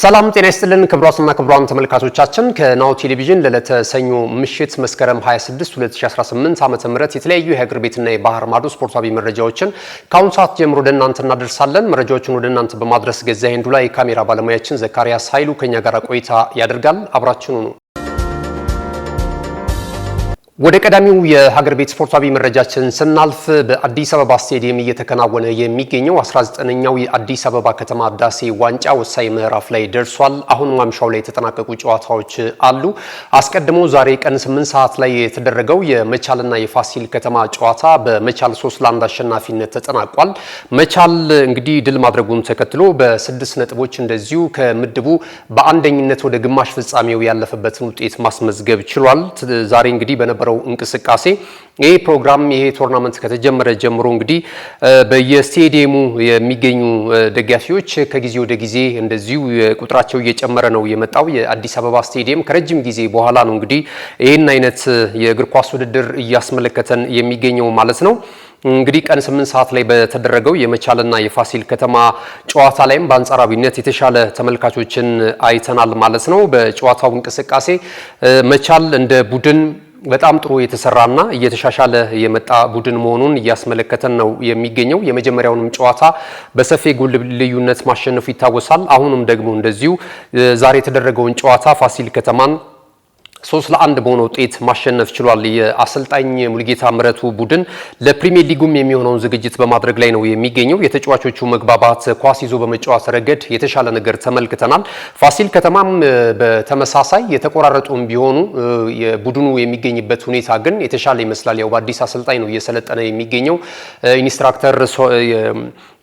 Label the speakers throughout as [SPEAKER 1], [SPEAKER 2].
[SPEAKER 1] ሰላም ጤና ይስጥልን ክቡራትና ክቡራን ተመልካቾቻችን ከናሁ ቴሌቪዥን ለዕለተ ሰኞ ምሽት መስከረም 26 2018 ዓ ም የተለያዩ የሀገር ቤትና የባህር ማዶ ስፖርታዊ መረጃዎችን ከአሁኑ ሰዓት ጀምሮ ወደ እናንተ እናደርሳለን። መረጃዎችን ወደ እናንተ በማድረስ ገዛ ሄንዱ ላይ የካሜራ ባለሙያችን ዘካሪያስ ኃይሉ ከኛ ጋር ቆይታ ያደርጋል። አብራችኑ ነው። ወደ ቀዳሚው የሀገር ቤት ስፖርታዊ መረጃችን ስናልፍ በአዲስ አበባ ስቴዲየም እየተከናወነ የሚገኘው 19ኛው የአዲስ አበባ ከተማ ህዳሴ ዋንጫ ወሳኝ ምዕራፍ ላይ ደርሷል። አሁን ማምሻው ላይ የተጠናቀቁ ጨዋታዎች አሉ። አስቀድሞ ዛሬ ቀን 8 ሰዓት ላይ የተደረገው የመቻልና የፋሲል ከተማ ጨዋታ በመቻል 3 ለ1 አሸናፊነት ተጠናቋል። መቻል እንግዲህ ድል ማድረጉን ተከትሎ በስድስት ነጥቦች እንደዚሁ ከምድቡ በአንደኝነት ወደ ግማሽ ፍጻሜው ያለፈበትን ውጤት ማስመዝገብ ችሏል። ዛሬ እንግዲህ በነበ በነበረው እንቅስቃሴ ይህ ፕሮግራም ይሄ ቶርናመንት ከተጀመረ ጀምሮ እንግዲህ በየስቴዲየሙ የሚገኙ ደጋፊዎች ከጊዜ ወደ ጊዜ እንደዚሁ ቁጥራቸው እየጨመረ ነው የመጣው። የአዲስ አበባ ስቴዲየም ከረጅም ጊዜ በኋላ ነው እንግዲህ ይህን አይነት የእግር ኳስ ውድድር እያስመለከተን የሚገኘው ማለት ነው። እንግዲህ ቀን ስምንት ሰዓት ላይ በተደረገው የመቻልና የፋሲል ከተማ ጨዋታ ላይም በአንጻራዊነት የተሻለ ተመልካቾችን አይተናል ማለት ነው። በጨዋታው እንቅስቃሴ መቻል እንደ ቡድን በጣም ጥሩ የተሰራና እየተሻሻለ የመጣ ቡድን መሆኑን እያስመለከተን ነው የሚገኘው። የመጀመሪያውንም ጨዋታ በሰፊ ጎል ልዩነት ማሸነፉ ይታወሳል። አሁንም ደግሞ እንደዚሁ ዛሬ የተደረገውን ጨዋታ ፋሲል ከተማን ሶስት ለአንድ በሆነ ውጤት ማሸነፍ ችሏል። የአሰልጣኝ ሙልጌታ ምረቱ ቡድን ለፕሪሚየር ሊጉም የሚሆነውን ዝግጅት በማድረግ ላይ ነው የሚገኘው። የተጫዋቾቹ መግባባት፣ ኳስ ይዞ በመጫወት ረገድ የተሻለ ነገር ተመልክተናል። ፋሲል ከተማም በተመሳሳይ የተቆራረጡም ቢሆኑ የቡድኑ የሚገኝበት ሁኔታ ግን የተሻለ ይመስላል። ያው በአዲስ አሰልጣኝ ነው እየሰለጠነ የሚገኘው ኢንስትራክተር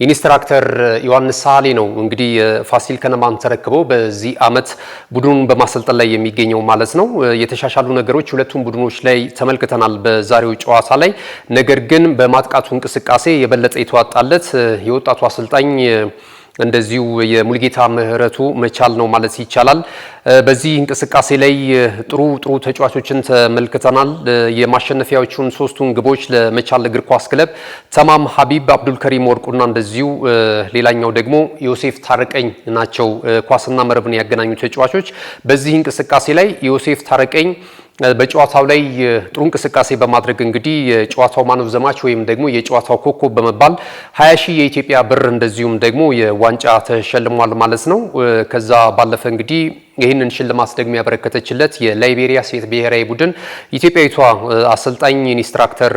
[SPEAKER 1] ኢንስትራክተር ዮሐንስ ሳሌ ነው እንግዲህ ፋሲል ከነማን ተረክበው በዚህ አመት ቡድኑን በማሰልጠን ላይ የሚገኘው ማለት ነው። የተሻሻሉ ነገሮች ሁለቱም ቡድኖች ላይ ተመልክተናል በዛሬው ጨዋታ ላይ። ነገር ግን በማጥቃቱ እንቅስቃሴ የበለጠ የተዋጣለት የወጣቱ አሰልጣኝ እንደዚሁ የሙልጌታ ምህረቱ መቻል ነው ማለት ይቻላል። በዚህ እንቅስቃሴ ላይ ጥሩ ጥሩ ተጫዋቾችን ተመልክተናል። የማሸነፊያዎቹን ሶስቱን ግቦች ለመቻል እግር ኳስ ክለብ ተማም ሀቢብ፣ አብዱልከሪም ወርቁና እንደዚሁ ሌላኛው ደግሞ ዮሴፍ ታረቀኝ ናቸው ኳስና መረብን ያገናኙ ተጫዋቾች። በዚህ እንቅስቃሴ ላይ ዮሴፍ ታረቀኝ በጨዋታው ላይ ጥሩ እንቅስቃሴ በማድረግ እንግዲህ የጨዋታው ማን ኦፍ ዘ ማች ወይም ደግሞ የጨዋታው ኮከብ በመባል 20 ሺህ የኢትዮጵያ ብር እንደዚሁም ደግሞ የዋንጫ ተሸልሟል ማለት ነው። ከዛ ባለፈ እንግዲህ ይህንን ሽልማት ደግሞ ያበረከተችለት የላይቤሪያ ሴት ብሔራዊ ቡድን ኢትዮጵያዊቷ አሰልጣኝ ኢንስትራክተር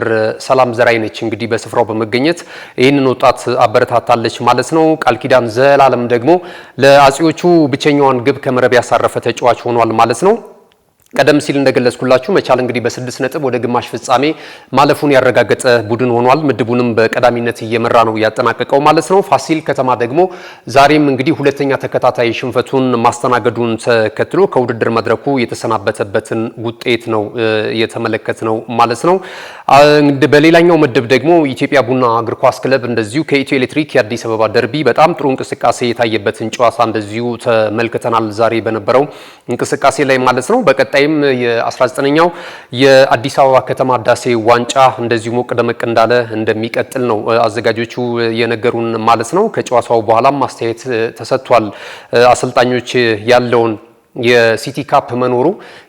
[SPEAKER 1] ሰላም ዘራይ ነች። እንግዲህ በስፍራው በመገኘት ይህንን ወጣት አበረታታለች ማለት ነው። ቃል ኪዳን ዘላለም ደግሞ ለአጼዎቹ ብቸኛዋን ግብ ከመረብ ያሳረፈ ተጫዋች ሆኗል ማለት ነው። ቀደም ሲል እንደገለጽኩላችሁ መቻል እንግዲህ በስድስት ነጥብ ወደ ግማሽ ፍጻሜ ማለፉን ያረጋገጠ ቡድን ሆኗል። ምድቡንም በቀዳሚነት እየመራ ነው ያጠናቀቀው ማለት ነው። ፋሲል ከተማ ደግሞ ዛሬም እንግዲህ ሁለተኛ ተከታታይ ሽንፈቱን ማስተናገዱን ተከትሎ ከውድድር መድረኩ የተሰናበተበትን ውጤት ነው እየተመለከት ነው ማለት ነው። በሌላኛው ምድብ ደግሞ ኢትዮጵያ ቡና እግር ኳስ ክለብ እንደዚሁ ከኢትዮ ኤሌክትሪክ የአዲስ አበባ ደርቢ በጣም ጥሩ እንቅስቃሴ የታየበትን ጨዋታ እንደዚሁ ተመልክተናል ዛሬ በነበረው እንቅስቃሴ ላይ ማለት ነው። በቀጣይ በተለይም የ19ኛው የአዲስ አበባ ከተማ ህዳሴ ዋንጫ እንደዚሁ ሞቅ ደመቅ እንዳለ እንደሚቀጥል ነው አዘጋጆቹ የነገሩን ማለት ነው። ከጨዋታው በኋላም አስተያየት ተሰጥቷል። አሰልጣኞች ያለውን የሲቲ ካፕ መኖሩ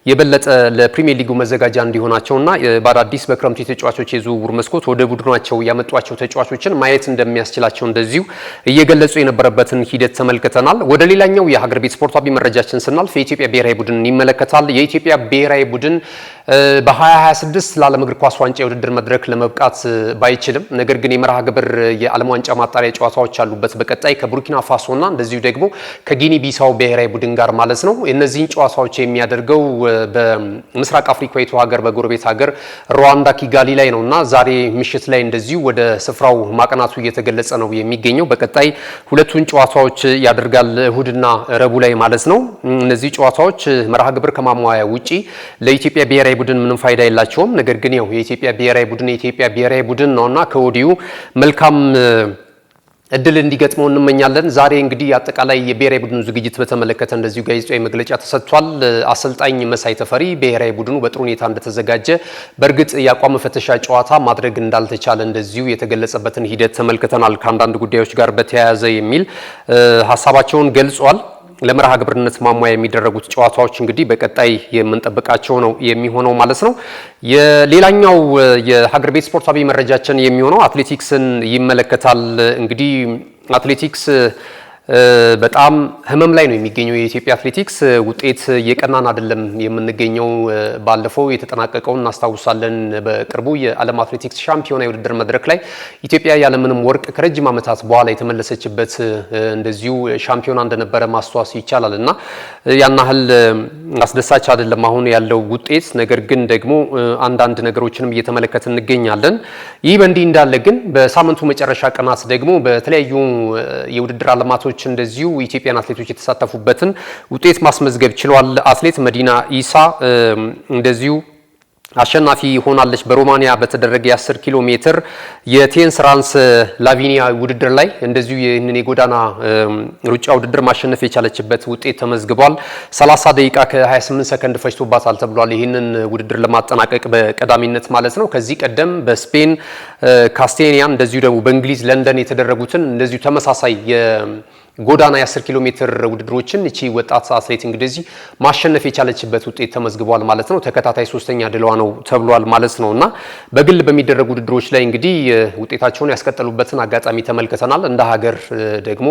[SPEAKER 1] የበለጠ ለፕሪሚየር ሊጉ መዘጋጃ እንዲሆናቸውና በአዳዲስ በክረምቱ የተጫዋቾች የዝውውር መስኮት ወደ ቡድናቸው ያመጧቸው ተጫዋቾችን ማየት እንደሚያስችላቸው እንደዚሁ እየገለጹ የነበረበትን ሂደት ተመልክተናል። ወደ ሌላኛው የሀገር ቤት ስፖርታዊ መረጃችን ስናልፍ የኢትዮጵያ ብሔራዊ ቡድን ይመለከታል። የኢትዮጵያ ብሔራዊ ቡድን በ2026 ለዓለም እግር ኳስ ዋንጫ የውድድር መድረክ ለመብቃት ባይችልም ነገር ግን የመርሃ ግብር የዓለም ዋንጫ ማጣሪያ ጨዋታዎች አሉበት በቀጣይ ከቡርኪና ፋሶና እንደዚሁ ደግሞ ከጊኒ ቢሳው ብሔራዊ ቡድን ጋር ማለት ነው። እነዚህን ጨዋታዎች የሚያደርገው በምስራቅ አፍሪካዊቱ ሀገር በጎረቤት ሀገር ሩዋንዳ ኪጋሊ ላይ ነው እና ዛሬ ምሽት ላይ እንደዚሁ ወደ ስፍራው ማቅናቱ እየተገለጸ ነው የሚገኘው። በቀጣይ ሁለቱን ጨዋታዎች ያደርጋል እሁድና ረቡ ላይ ማለት ነው። እነዚህ ጨዋታዎች መርሃ ግብር ከማሟያ ውጪ ለኢትዮጵያ ብሔራዊ ቡድን ምንም ፋይዳ የላቸውም። ነገር ግን ያው የኢትዮጵያ ብሔራዊ ቡድን የኢትዮጵያ ብሔራዊ ቡድን ነውና ከወዲሁ መልካም እድል እንዲገጥመው እንመኛለን። ዛሬ እንግዲህ አጠቃላይ የብሔራዊ ቡድኑ ዝግጅት በተመለከተ እንደዚሁ ጋዜጣዊ መግለጫ ተሰጥቷል። አሰልጣኝ መሳይ ተፈሪ ብሔራዊ ቡድኑ በጥሩ ሁኔታ እንደተዘጋጀ፣ በእርግጥ የአቋም መፈተሻ ጨዋታ ማድረግ እንዳልተቻለ እንደዚሁ የተገለጸበትን ሂደት ተመልክተናል ከአንዳንድ ጉዳዮች ጋር በተያያዘ የሚል ሀሳባቸውን ገልጿል። ለመርሃ ግብርነት ማሟያ የሚደረጉት ጨዋታዎች እንግዲህ በቀጣይ የምንጠብቃቸው ነው የሚሆነው ማለት ነው። የሌላኛው የሀገር ቤት ስፖርታዊ መረጃችን የሚሆነው አትሌቲክስን ይመለከታል። እንግዲህ አትሌቲክስ በጣም ህመም ላይ ነው የሚገኘው የኢትዮጵያ አትሌቲክስ ውጤት እየቀናን አይደለም የምንገኘው። ባለፈው የተጠናቀቀውን እናስታውሳለን። በቅርቡ የዓለም አትሌቲክስ ሻምፒዮና የውድድር መድረክ ላይ ኢትዮጵያ ያለምንም ወርቅ ከረጅም ዓመታት በኋላ የተመለሰችበት እንደዚሁ ሻምፒዮና እንደነበረ ማስተዋስ ይቻላል እና ያን ያህል አስደሳች አይደለም አሁን ያለው ውጤት። ነገር ግን ደግሞ አንዳንድ ነገሮችንም እየተመለከት እንገኛለን። ይህ በእንዲህ እንዳለ ግን በሳምንቱ መጨረሻ ቀናት ደግሞ በተለያዩ የውድድር አለማቶች አትሌቶች እንደዚሁ ኢትዮጵያን አትሌቶች የተሳተፉበትን ውጤት ማስመዝገብ ችሏል። አትሌት መዲና ኢሳ እንደዚሁ አሸናፊ ሆናለች። በሮማኒያ በተደረገ የ10 ኪሎ ሜትር የቴንስ ራንስ ላቪኒያ ውድድር ላይ እንደዚሁ ይህንን የጎዳና ሩጫ ውድድር ማሸነፍ የቻለችበት ውጤት ተመዝግቧል። 30 ደቂቃ ከ28 ሰከንድ ፈጅቶባታል ተብሏል። ይህንን ውድድር ለማጠናቀቅ በቀዳሚነት ማለት ነው። ከዚህ ቀደም በስፔን ካስቴኒያን፣ እንደዚሁ ደግሞ በእንግሊዝ ለንደን የተደረጉትን እንደዚሁ ተመሳሳይ ጎዳና የ10 ኪሎ ሜትር ውድድሮችን እቺ ወጣት አትሌት እንግዲህ ማሸነፍ የቻለችበት ውጤት ተመዝግቧል ማለት ነው። ተከታታይ ሶስተኛ ድሏ ነው ተብሏል ማለት ነው እና በግል በሚደረጉ ውድድሮች ላይ እንግዲህ ውጤታቸውን ያስቀጠሉበትን አጋጣሚ ተመልክተናል። እንደ ሀገር ደግሞ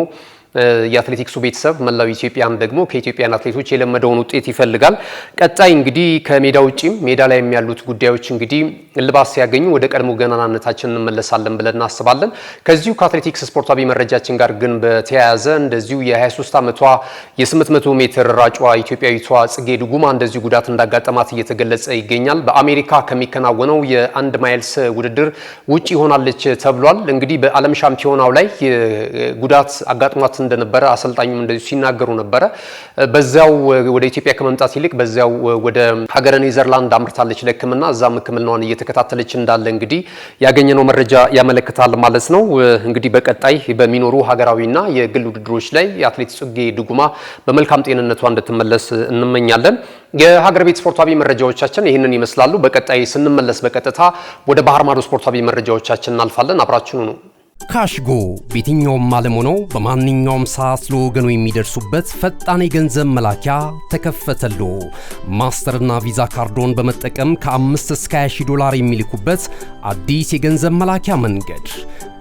[SPEAKER 1] የአትሌቲክሱ ቤተሰብ መላው ኢትዮጵያን ደግሞ ከኢትዮጵያን አትሌቶች የለመደውን ውጤት ይፈልጋል። ቀጣይ እንግዲህ ከሜዳ ውጭም ሜዳ ላይ ያሉት ጉዳዮች እንግዲህ እልባት ሲያገኙ ወደ ቀድሞ ገናናነታችን እንመለሳለን ብለን እናስባለን። ከዚሁ ከአትሌቲክስ ስፖርታዊ መረጃችን ጋር ግን በተያያዘ እንደዚሁ የ23 ዓመቷ የ800 ሜትር ሯጯ ኢትዮጵያዊቷ ጽጌ ድጉማ እንደዚሁ ጉዳት እንዳጋጠማት እየተገለጸ ይገኛል። በአሜሪካ ከሚከናወነው የአንድ ማይልስ ውድድር ውጪ ይሆናለች ተብሏል። እንግዲህ በዓለም ሻምፒዮናው ላይ ጉዳት አጋጥሟት ሲያወሩት እንደነበረ አሰልጣኙም እንደዚሁ ሲናገሩ ነበረ። በዚያው ወደ ኢትዮጵያ ከመምጣት ይልቅ በዚያው ወደ ሀገረ ኔዘርላንድ አምርታለች ለሕክምና እዛም ሕክምናዋን እየተከታተለች እንዳለ እንግዲህ ያገኘነው መረጃ ያመለክታል ማለት ነው። እንግዲህ በቀጣይ በሚኖሩ ሀገራዊና የግል ውድድሮች ላይ የአትሌት ጽጌ ድጉማ በመልካም ጤንነቷ እንድትመለስ እንመኛለን። የሀገር ቤት ስፖርታዊ መረጃዎቻችን ይህንን ይመስላሉ። በቀጣይ ስንመለስ በቀጥታ ወደ ባህር ማዶ ስፖርታዊ መረጃዎቻችን እናልፋለን። አብራችኑ ነው።
[SPEAKER 2] ካሽጎ በየትኛውም ዓለም ሆኖ በማንኛውም ሰዓት ለወገኑ የሚደርሱበት ፈጣን የገንዘብ መላኪያ ተከፈተሎ። ማስተርና ቪዛ ካርዶን በመጠቀም ከ5 እስከ 20 ዶላር የሚልኩበት አዲስ የገንዘብ መላኪያ መንገድ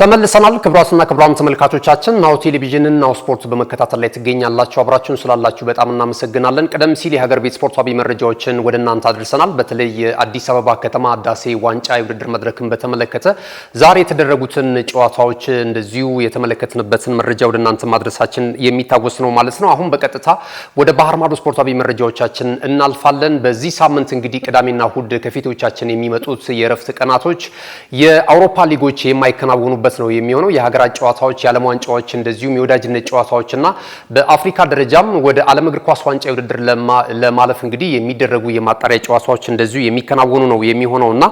[SPEAKER 1] ተመልሰናል። ክቡራትና ክቡራን ተመልካቾቻችን ናሁ ቴሌቪዥንን ናሁ ስፖርት በመከታተል ላይ ትገኛላችሁ። አብራችሁን ስላላችሁ በጣም እናመሰግናለን። ቀደም ሲል የሀገር ቤት ስፖርታዊ መረጃዎችን ወደ እናንተ አድርሰናል። በተለይ የአዲስ አበባ ከተማ አዳሴ ዋንጫ የውድድር መድረክን በተመለከተ ዛሬ የተደረጉትን ጨዋታዎች እንደዚሁ የተመለከትንበትን መረጃ ወደ እናንተ ማድረሳችን የሚታወስ ነው ማለት ነው። አሁን በቀጥታ ወደ ባህር ማዶ ስፖርታዊ መረጃዎቻችን እናልፋለን። በዚህ ሳምንት እንግዲህ ቅዳሜና እሁድ ከፊቶቻችን የሚመጡት የእረፍት ቀናቶች የአውሮፓ ሊጎች የማይከናወኑ የሚያተርፉበት ነው የሚሆነው። የሀገራት ጨዋታዎች፣ የዓለም ዋንጫዎች እንደዚሁም የወዳጅነት ጨዋታዎችና በአፍሪካ ደረጃም ወደ ዓለም እግር ኳስ ዋንጫ ውድድር ለማለፍ እንግዲህ የሚደረጉ የማጣሪያ ጨዋታዎች እንደዚሁ የሚከናወኑ ነው የሚሆነው እና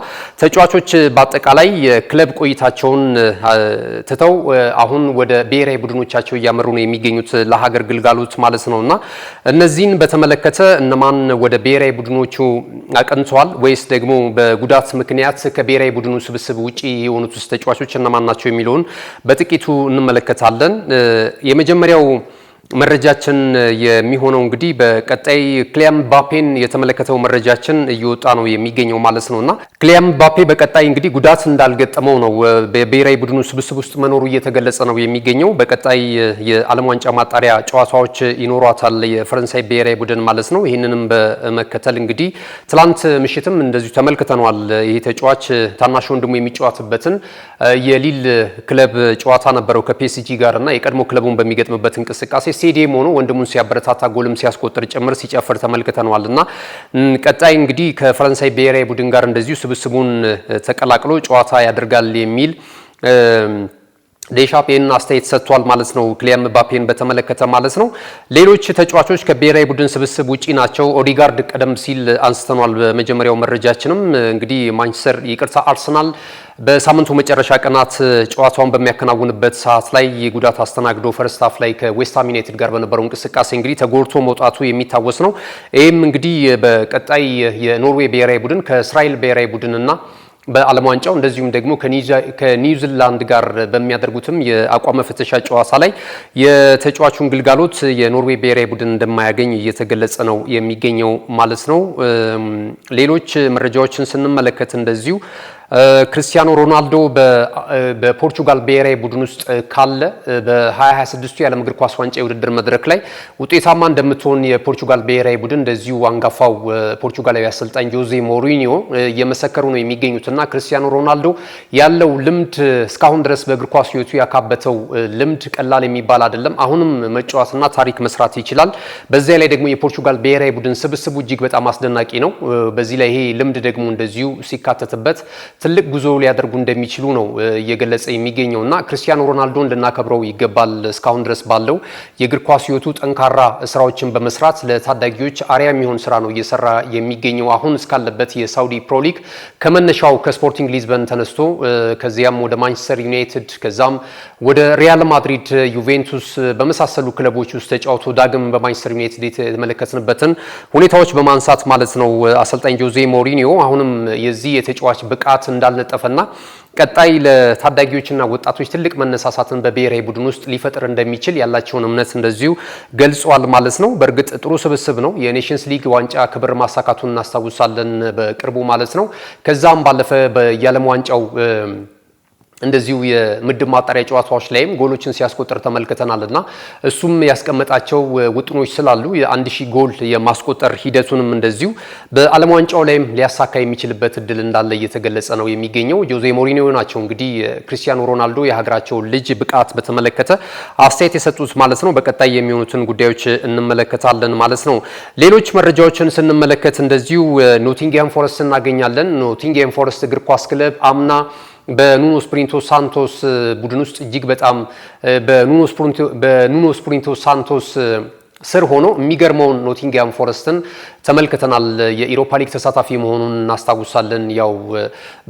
[SPEAKER 1] ተጫዋቾች በአጠቃላይ የክለብ ቆይታቸውን ትተው አሁን ወደ ብሔራዊ ቡድኖቻቸው እያመሩ ነው የሚገኙት ለሀገር ግልጋሎት ማለት ነው እና እነዚህን በተመለከተ እነማን ወደ ብሔራዊ ቡድኖቹ አቅንተዋል ወይስ ደግሞ በጉዳት ምክንያት ከብሔራዊ ቡድኑ ስብስብ ውጪ የሆኑት ውስጥ ተጫዋቾች እነማን ናቸው ናቸው የሚለውን በጥቂቱ እንመለከታለን። የመጀመሪያው መረጃችን የሚሆነው እንግዲህ በቀጣይ ክሊያም ባፔን የተመለከተው መረጃችን እየወጣ ነው የሚገኘው ማለት ነው እና ክሊያም ባፔ በቀጣይ እንግዲህ ጉዳት እንዳልገጠመው ነው በብሔራዊ ቡድኑ ስብስብ ውስጥ መኖሩ እየተገለጸ ነው የሚገኘው። በቀጣይ የዓለም ዋንጫ ማጣሪያ ጨዋታዎች ይኖሯታል የፈረንሳይ ብሔራዊ ቡድን ማለት ነው። ይህንንም በመከተል እንግዲህ ትላንት ምሽትም እንደዚሁ ተመልክተነዋል። ይህ ተጫዋች ታናሽ ወንድሙ የሚጫወትበትን የሊል ክለብ ጨዋታ ነበረው ከፒኤስጂ ጋር እና የቀድሞ ክለቡን በሚገጥምበት እንቅስቃሴ ስቴዲየም ሆኖ ወንድሙን ሲያበረታታ ጎልም ሲያስቆጥር ጭምር ሲጨፍር ተመልክተነዋል እና ቀጣይ እንግዲህ ከፈረንሳይ ብሔራዊ ቡድን ጋር እንደዚሁ ስብስቡን ተቀላቅሎ ጨዋታ ያደርጋል የሚል ዴሻፕ ይህንን አስተያየት ሰጥቷል ማለት ነው። ክሊያም ባፔን በተመለከተ ማለት ነው። ሌሎች ተጫዋቾች ከብሔራዊ ቡድን ስብስብ ውጪ ናቸው። ኦዲጋርድ ቀደም ሲል አንስተኗል። በመጀመሪያው መረጃችንም እንግዲህ ማንቸስተር ይቅርታ፣ አርሰናል በሳምንቱ መጨረሻ ቀናት ጨዋታውን በሚያከናውንበት ሰዓት ላይ ጉዳት አስተናግዶ ፈርስት ሀፍ ላይ ከዌስትሃም ዩናይትድ ጋር በነበረው እንቅስቃሴ እንግዲህ ተጎድቶ መውጣቱ የሚታወስ ነው። ይህም እንግዲህ በቀጣይ የኖርዌይ ብሔራዊ ቡድን ከእስራኤል ብሔራዊ ቡድንና በዓለም ዋንጫው እንደዚሁም ደግሞ ከኒውዚላንድ ጋር በሚያደርጉትም የአቋም መፈተሻ ጨዋታ ላይ የተጫዋቹን ግልጋሎት የኖርዌይ ብሔራዊ ቡድን እንደማያገኝ እየተገለጸ ነው የሚገኘው ማለት ነው። ሌሎች መረጃዎችን ስንመለከት እንደዚሁ ክርስቲያኖ ሮናልዶ በፖርቹጋል ብሔራዊ ቡድን ውስጥ ካለ በ2026 የዓለም እግር ኳስ ዋንጫ የውድድር መድረክ ላይ ውጤታማ እንደምትሆን የፖርቹጋል ብሔራዊ ቡድን እንደዚሁ አንጋፋው ፖርቹጋላዊ አሰልጣኝ ጆዜ ሞሪኒዮ እየመሰከሩ ነው የሚገኙት የሚገኙትና ክርስቲያኖ ሮናልዶ ያለው ልምድ እስካሁን ድረስ በእግር ኳስ ሕይወቱ ያካበተው ልምድ ቀላል የሚባል አይደለም። አሁንም መጫወትና ታሪክ መስራት ይችላል። በዚያ ላይ ደግሞ የፖርቹጋል ብሔራዊ ቡድን ስብስቡ እጅግ በጣም አስደናቂ ነው። በዚህ ላይ ይሄ ልምድ ደግሞ እንደዚሁ ሲካተትበት ትልቅ ጉዞ ሊያደርጉ እንደሚችሉ ነው እየገለጸ የሚገኘው እና ክርስቲያኖ ሮናልዶን ልናከብረው ይገባል። እስካሁን ድረስ ባለው የእግር ኳስ ህይወቱ ጠንካራ ስራዎችን በመስራት ለታዳጊዎች አሪያ የሚሆን ስራ ነው እየሰራ የሚገኘው። አሁን እስካለበት የሳውዲ ፕሮሊግ ከመነሻው ከስፖርቲንግ ሊዝበን ተነስቶ ከዚያም ወደ ማንቸስተር ዩናይትድ ከዛም ወደ ሪያል ማድሪድ፣ ዩቬንቱስ በመሳሰሉ ክለቦች ውስጥ ተጫውቶ ዳግም በማንቸስተር ዩናይትድ የተመለከትንበትን ሁኔታዎች በማንሳት ማለት ነው አሰልጣኝ ጆዜ ሞሪኒዮ አሁንም የዚህ የተጫዋች ብቃት እንዳልነጠፈና ቀጣይ ለታዳጊዎችና ወጣቶች ትልቅ መነሳሳትን በብሔራዊ ቡድን ውስጥ ሊፈጥር እንደሚችል ያላቸውን እምነት እንደዚሁ ገልጿል ማለት ነው። በእርግጥ ጥሩ ስብስብ ነው። የኔሽንስ ሊግ ዋንጫ ክብር ማሳካቱን እናስታውሳለን በቅርቡ ማለት ነው። ከዛም ባለፈ በየዓለም ዋንጫው እንደዚሁ የምድብ ማጣሪያ ጨዋታዎች ላይም ጎሎችን ሲያስቆጥር ተመልክተናል እና እሱም ያስቀመጣቸው ውጥኖች ስላሉ የአንድ ሺህ ጎል የማስቆጠር ሂደቱንም እንደዚሁ በዓለም ዋንጫው ላይም ሊያሳካ የሚችልበት እድል እንዳለ እየተገለጸ ነው የሚገኘው። ጆዜ ሞሪኒዮ ናቸው እንግዲህ ክርስቲያኖ ሮናልዶ የሀገራቸውን ልጅ ብቃት በተመለከተ አስተያየት የሰጡት ማለት ነው። በቀጣይ የሚሆኑትን ጉዳዮች እንመለከታለን ማለት ነው። ሌሎች መረጃዎችን ስንመለከት እንደዚሁ ኖቲንግሃም ፎረስት እናገኛለን። ኖቲንግሃም ፎረስት እግር ኳስ ክለብ አምና በኑኖ ስፕሪንቶ ሳንቶስ ቡድን ውስጥ እጅግ በጣም በኑኖ ስፕሪንቶ ሳንቶስ ስር ሆኖ የሚገርመውን ኖቲንግያም ፎረስትን ተመልክተናል። የኢሮፓ ሊግ ተሳታፊ መሆኑን እናስታውሳለን። ያው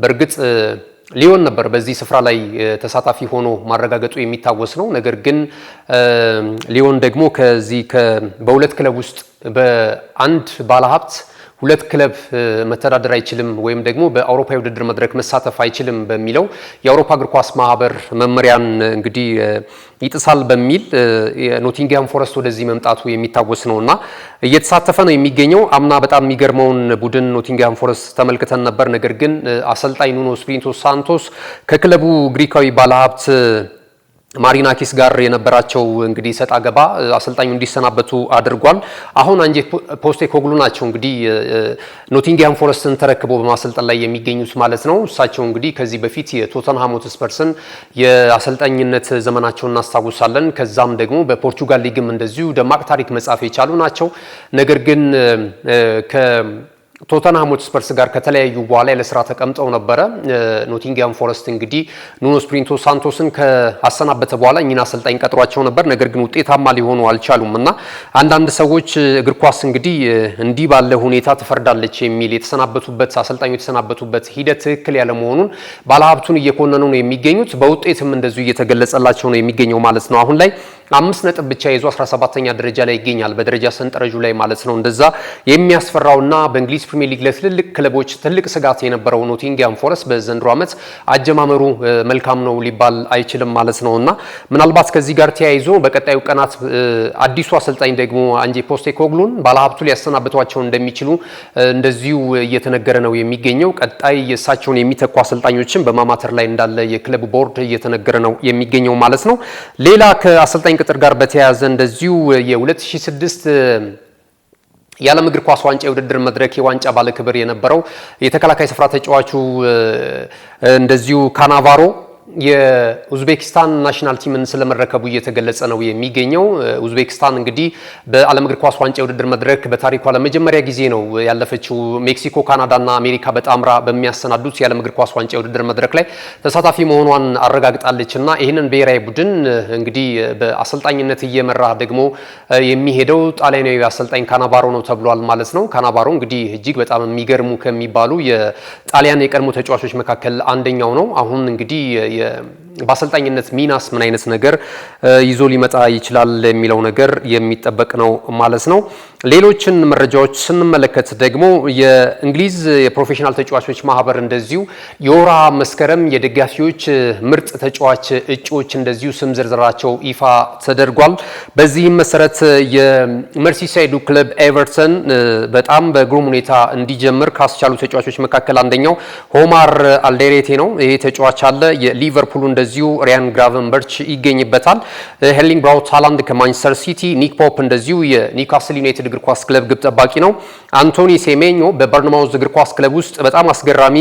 [SPEAKER 1] በእርግጥ ሊዮን ነበር በዚህ ስፍራ ላይ ተሳታፊ ሆኖ ማረጋገጡ የሚታወስ ነው። ነገር ግን ሊዮን ደግሞ ከዚህ በሁለት ክለብ ውስጥ በአንድ ባለሀብት ሁለት ክለብ መተዳደር አይችልም ወይም ደግሞ በአውሮፓ የውድድር መድረክ መሳተፍ አይችልም በሚለው የአውሮፓ እግር ኳስ ማህበር መመሪያን እንግዲህ ይጥሳል በሚል የኖቲንግሃም ፎረስት ወደዚህ መምጣቱ የሚታወስ ነው እና እየተሳተፈ ነው የሚገኘው። አምና በጣም የሚገርመውን ቡድን ኖቲንግሃም ፎረስት ተመልክተን ነበር። ነገር ግን አሰልጣኝ ኑኖ ስፒሪቶ ሳንቶስ ከክለቡ ግሪካዊ ባለሀብት ማሪናኪስ ጋር የነበራቸው እንግዲህ ሰጣ ገባ አሰልጣኙ እንዲሰናበቱ አድርጓል። አሁን አንጄ ፖስቴ ኮግሉ ናቸው እንግዲህ ኖቲንግሃም ፎረስትን ተረክቦ በማሰልጠን ላይ የሚገኙት ማለት ነው። እሳቸው እንግዲህ ከዚህ በፊት የቶተንሃም ሆትስፐርስን የአሰልጣኝነት ዘመናቸውን እናስታውሳለን። ከዛም ደግሞ በፖርቹጋል ሊግም እንደዚሁ ደማቅ ታሪክ መጻፍ የቻሉ ናቸው። ነገር ግን ቶተንሃም ሆትስፐርስ ጋር ከተለያዩ በኋላ ለስራ ተቀምጠው ነበረ። ኖቲንግያም ፎረስት እንግዲህ ኑኖ ስፕሪንቶ ሳንቶስን ከአሰናበተ በኋላ እኚህን አሰልጣኝ ቀጥሯቸው ነበር። ነገር ግን ውጤታማ ሊሆኑ አልቻሉም እና አንዳንድ ሰዎች እግር ኳስ እንግዲህ እንዲህ ባለ ሁኔታ ትፈርዳለች የሚል የተሰናበቱበት አሰልጣኙ የተሰናበቱበት ሂደት ትክክል ያለመሆኑን ባለሀብቱን እየኮነኑ ነው የሚገኙት። በውጤትም እንደዚሁ እየተገለጸላቸው ነው የሚገኘው ማለት ነው። አሁን ላይ አምስት ነጥብ ብቻ ይዞ 17ኛ ደረጃ ላይ ይገኛል፣ በደረጃ ሰንጠረዡ ላይ ማለት ነው። እንደዛ የሚያስፈራውና በእንግሊዝ ፕሪሚየር ሊግ ለትልልቅ ክለቦች ትልቅ ስጋት የነበረው ኖቲንግያም ፎረስት በዘንድሮ ዓመት አጀማመሩ መልካም ነው ሊባል አይችልም ማለት ነው እና ምናልባት ከዚህ ጋር ተያይዞ በቀጣዩ ቀናት አዲሱ አሰልጣኝ ደግሞ አንጄ ፖስቴኮግሉን ባለሀብቱ ሊያሰናብቷቸው እንደሚችሉ እንደዚሁ እየተነገረ ነው የሚገኘው። ቀጣይ እሳቸውን የሚተኩ አሰልጣኞችን በማማተር ላይ እንዳለ የክለብ ቦርድ እየተነገረ ነው የሚገኘው ማለት ነው። ሌላ ከአሰልጣኝ ቅጥር ጋር በተያያዘ እንደዚሁ የ2006 የዓለም እግር ኳስ ዋንጫ የውድድር መድረክ የዋንጫ ባለክብር የነበረው የተከላካይ ስፍራ ተጫዋቹ እንደዚሁ ካናቫሮ የኡዝቤክስታን ናሽናል ቲምን ስለመረከቡ እየተገለጸ ነው የሚገኘው። ኡዝቤክስታን እንግዲህ በዓለም እግር ኳስ ዋንጫ የውድድር መድረክ በታሪኳ ለመጀመሪያ ጊዜ ነው ያለፈችው። ሜክሲኮ፣ ካናዳና አሜሪካ በጣምራ በሚያሰናዱት የዓለም እግር ኳስ ዋንጫ የውድድር መድረክ ላይ ተሳታፊ መሆኗን አረጋግጣለች እና ይህንን ብሔራዊ ቡድን እንግዲህ በአሰልጣኝነት እየመራ ደግሞ የሚሄደው ጣሊያናዊ አሰልጣኝ ካናባሮ ነው ተብሏል ማለት ነው። ካናባሮ እንግዲህ እጅግ በጣም የሚገርሙ ከሚባሉ የጣሊያን የቀድሞ ተጫዋቾች መካከል አንደኛው ነው። አሁን እንግዲህ Yeah. በአሰልጣኝነት ሚናስ ምን አይነት ነገር ይዞ ሊመጣ ይችላል የሚለው ነገር የሚጠበቅ ነው ማለት ነው። ሌሎችን መረጃዎች ስንመለከት ደግሞ የእንግሊዝ የፕሮፌሽናል ተጫዋቾች ማህበር እንደዚሁ የወርሃ መስከረም የደጋፊዎች ምርጥ ተጫዋች እጩዎች እንደዚሁ ስም ዝርዝራቸው ይፋ ተደርጓል። በዚህም መሰረት የመርሲሳይዱ ክለብ ኤቨርተን በጣም በግሩም ሁኔታ እንዲጀምር ካስቻሉ ተጫዋቾች መካከል አንደኛው ሆማር አልዴሬቴ ነው። ይሄ ተጫዋች አለ የሊቨርፑል እንደዚሁ ሪያን ግራቨንበርች ይገኝበታል። ሄርሊንግ ብራውት ሃላንድ ከማንቸስተር ሲቲ፣ ኒክ ፖፕ እንደዚሁ የኒውካስል ዩናይትድ እግር ኳስ ክለብ ግብ ጠባቂ ነው። አንቶኒ ሴሜኞ በበርንማውዝ እግር ኳስ ክለብ ውስጥ በጣም አስገራሚ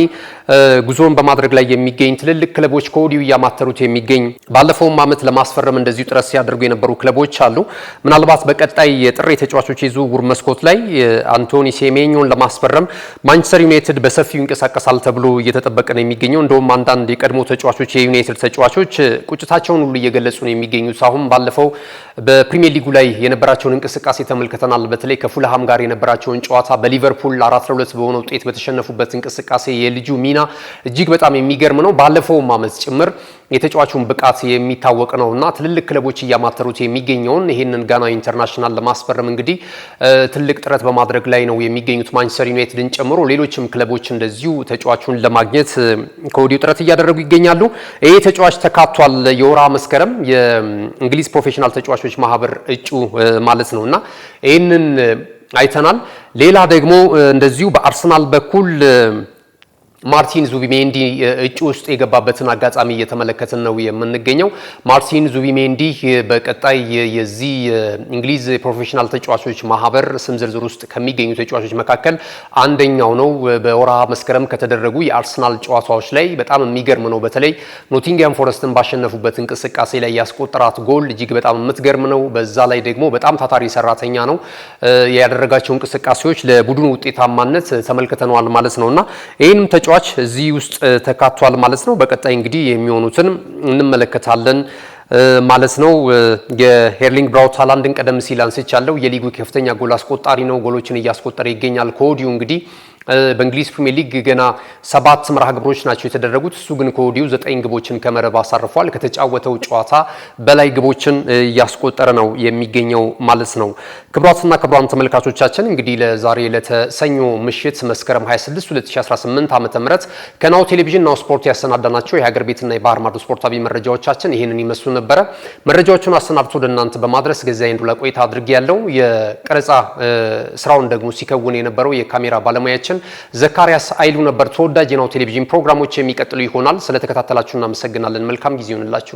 [SPEAKER 1] ጉዞን በማድረግ ላይ የሚገኝ ትልልቅ ክለቦች ከወዲሁ እያማተሩት የሚገኝ ባለፈውም ዓመት ለማስፈረም እንደዚሁ ጥረት ሲያደርጉ የነበሩ ክለቦች አሉ። ምናልባት በቀጣይ የጥር የተጫዋቾች የዝውውር መስኮት ላይ አንቶኒ ሴሜኞን ለማስፈረም ማንቸስተር ዩናይትድ በሰፊው ይንቀሳቀሳል ተብሎ እየተጠበቀ ነው የሚገኘው። እንደውም አንዳንድ የቀድሞ ተጫዋቾች የዩናይትድ ተጫዋቾች ቁጭታቸውን ሁሉ እየገለጹ ነው የሚገኙት። አሁን ባለፈው በፕሪሚየር ሊጉ ላይ የነበራቸውን እንቅስቃሴ ተመልክተናል። በተለይ ከፉልሃም ጋር የነበራቸውን ጨዋታ በሊቨርፑል አራት ለሁለት በሆነ ውጤት በተሸነፉበት እንቅስቃሴ የልጁ ሚና እጅግ በጣም የሚገርም ነው። ባለፈውም አመት ጭምር የተጫዋቹን ብቃት የሚታወቅ እና ትልልቅ ክለቦች እያማተሩት የሚገኘውን ይህንን ጋና ኢንተርናሽናል ለማስፈረም እንግዲህ ትልቅ ጥረት በማድረግ ላይ ነው የሚገኙት። ማንቸስተር ዩናይትድን ጨምሮ ሌሎችም ክለቦች እንደዚሁ ተጫዋቹን ለማግኘት ከወዲሁ ጥረት እያደረጉ ይገኛሉ። ይህ ተጫዋች ተካቷል። የወርሃ መስከረም የእንግሊዝ ፕሮፌሽናል ተጫዋቾች ማህበር እጩ ማለት እና ይህንን አይተናል። ሌላ ደግሞ እንደዚሁ በአርሰናል በኩል ማርቲን ዙቢሜንዲ እጩ ውስጥ የገባበትን አጋጣሚ እየተመለከትን ነው የምንገኘው። ማርቲን ዙቢሜንዲ በቀጣይ የዚህ እንግሊዝ ፕሮፌሽናል ተጫዋቾች ማህበር ስም ዝርዝር ውስጥ ከሚገኙ ተጫዋቾች መካከል አንደኛው ነው። በወርሃ መስከረም ከተደረጉ የአርሰናል ጨዋታዎች ላይ በጣም የሚገርም ነው። በተለይ ኖቲንግሃም ፎረስትን ባሸነፉበት እንቅስቃሴ ላይ ያስቆጠራት ጎል እጅግ በጣም የምትገርም ነው። በዛ ላይ ደግሞ በጣም ታታሪ ሰራተኛ ነው። ያደረጋቸው እንቅስቃሴዎች ለቡድኑ ውጤታማነት ተመልክተነዋል ማለት ነው እና ይህንም ተጫዋች እዚህ ውስጥ ተካቷል ማለት ነው። በቀጣይ እንግዲህ የሚሆኑትን እንመለከታለን ማለት ነው። የሄርሊንግ ብራውት ሃላንድን ቀደም ሲል አንስቻለሁ። የሊጉ ከፍተኛ ጎል አስቆጣሪ ነው። ጎሎችን እያስቆጠረ ይገኛል። ከወዲሁ እንግዲህ በእንግሊዝ ፕሪሚየር ሊግ ገና ሰባት መርሃ ግብሮች ናቸው የተደረጉት። እሱ ግን ከወዲሁ ዘጠኝ ግቦችን ከመረብ አሳርፏል። ከተጫወተው ጨዋታ በላይ ግቦችን እያስቆጠረ ነው የሚገኘው ማለት ነው። ክቡራትና ክቡራን ተመልካቾቻችን እንግዲህ ለዛሬ ለተሰኞ ምሽት መስከረም 26 2018 ዓ.ም ከናሁ ቴሌቪዥን ናሁ ስፖርት ያሰናዳናቸው የሀገር ቤትና የባህር ማዶ ስፖርታዊ መረጃዎቻችን ይህንን ይመስሉ ነበረ። መረጃዎቹን አሰናብቶ ወደ በማድረስ ገዛ ይንዱላ ቆይታ አድርጌ ያለው የቀረጻ ስራውን ደግሞ ሲከውን የነበረው የካሜራ ባለሙያችን ባልደረባችን ዘካሪያስ አይሉ ነበር። ተወዳጅ የናሁ ቴሌቪዥን ፕሮግራሞች የሚቀጥሉ ይሆናል። ስለተከታተላችሁ እናመሰግናለን። መልካም ጊዜ ይሆንላችሁ።